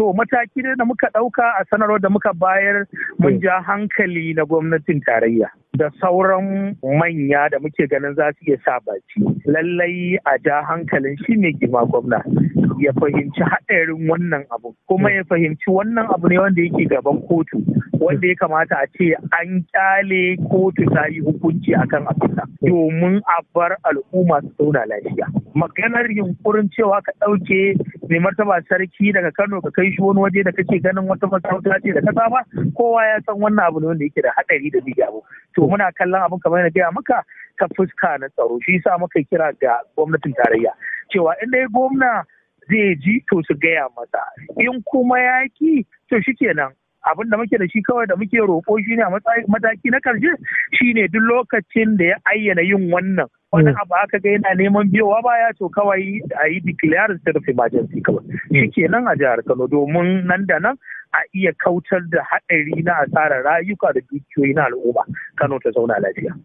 To mataki da muka ɗauka a sanarwar da muka bayar mun eh. ja hankali na gwamnatin tarayya da sauran manya da muke ganin za su iya sa baci. Lallai a ja hankalin shi ne gima gwamna ya fahimci haɗarin wannan abu kuma eh. ya fahimci wannan abu ne wanda yake gaban kotu wanda ya kamata a ce an kyale kotu ta yi hukunci akan abinda eh. domin a bar al'umma su zauna lafiya. Maganar yunkurin cewa ka ɗauke mai martaba sarki daga Kano ka kai shi wani waje da kake ganin wata masarauta ce da ka saba? kowa ya san wannan abu ne wanda yake da hadari da bi abu to muna kallon abin kamar na gaya maka ta fuska na tsaro shi yasa muka kira ga gwamnatin tarayya cewa in dai gwamna zai ji to su gaya masa in kuma yaki ki to shikenan abin da muke da shi kawai da muke roƙo shi ne a mataki na Shi shine duk lokacin da ya ayyana yin wannan wani mm. abu aka ga yana neman biyowa baya to kawai a yi declare state of emergency kawai mm. shi kenan a jihar Kano domin nan da nan a iya kautar da haɗari na asarar rayuka da dukiyoyi na al'umma Kano ta zauna lafiya.